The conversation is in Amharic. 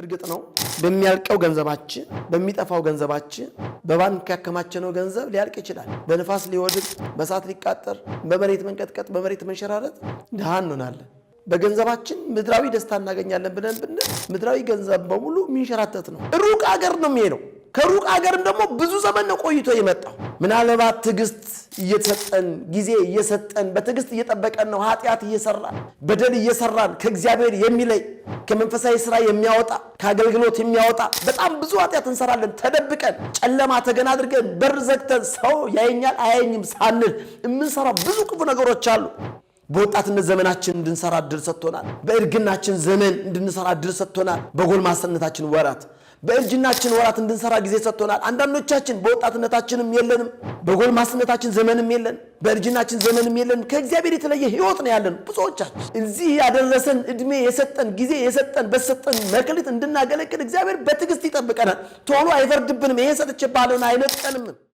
እርግጥ ነው በሚያልቀው ገንዘባችን በሚጠፋው ገንዘባችን በባንክ ያከማቸነው ገንዘብ ሊያልቅ ይችላል። በንፋስ ሊወድቅ፣ በእሳት ሊቃጠር፣ በመሬት መንቀጥቀጥ፣ በመሬት መንሸራረጥ ድሃ እንሆናለን። በገንዘባችን ምድራዊ ደስታ እናገኛለን ብለን ብንል ምድራዊ ገንዘብ በሙሉ የሚንሸራተት ነው። ሩቅ አገር ነው የሚሄደው። ከሩቅ አገርም ደግሞ ብዙ ዘመን ነው ቆይቶ የመጣው። ምናልባት ትዕግስት እየተሰጠን ጊዜ እየሰጠን በትዕግስት እየጠበቀን ነው ኃጢአት እየሰራን በደል እየሰራን ከእግዚአብሔር የሚለይ ከመንፈሳዊ ስራ የሚያወጣ ከአገልግሎት የሚያወጣ በጣም ብዙ ኃጢአት እንሰራለን። ተደብቀን ጨለማ ተገን አድርገን በር ዘግተን ሰው ያየኛል አያየኝም ሳንል የምንሰራው ብዙ ክፉ ነገሮች አሉ። በወጣትነት ዘመናችን እንድንሰራ እድል ሰጥቶናል። በእርግናችን ዘመን እንድንሰራ እድል ሰጥቶናል። በጎልማሰነታችን ወራት በእርጅናችን ወራት እንድንሰራ ጊዜ ሰጥቶናል። አንዳንዶቻችን በወጣትነታችንም የለንም፣ በጎልማስነታችን ዘመንም የለን፣ በእርጅናችን ዘመንም የለንም። ከእግዚአብሔር የተለየ ሕይወት ነው ያለን። ብዙዎቻችን እዚህ ያደረሰን እድሜ የሰጠን ጊዜ የሰጠን በሰጠን መክሊት እንድናገለግል እግዚአብሔር በትዕግስት ይጠብቀናል። ቶሎ አይፈርድብንም። ይሄ ሰጥቼ ባለውን አይነጥቀንም።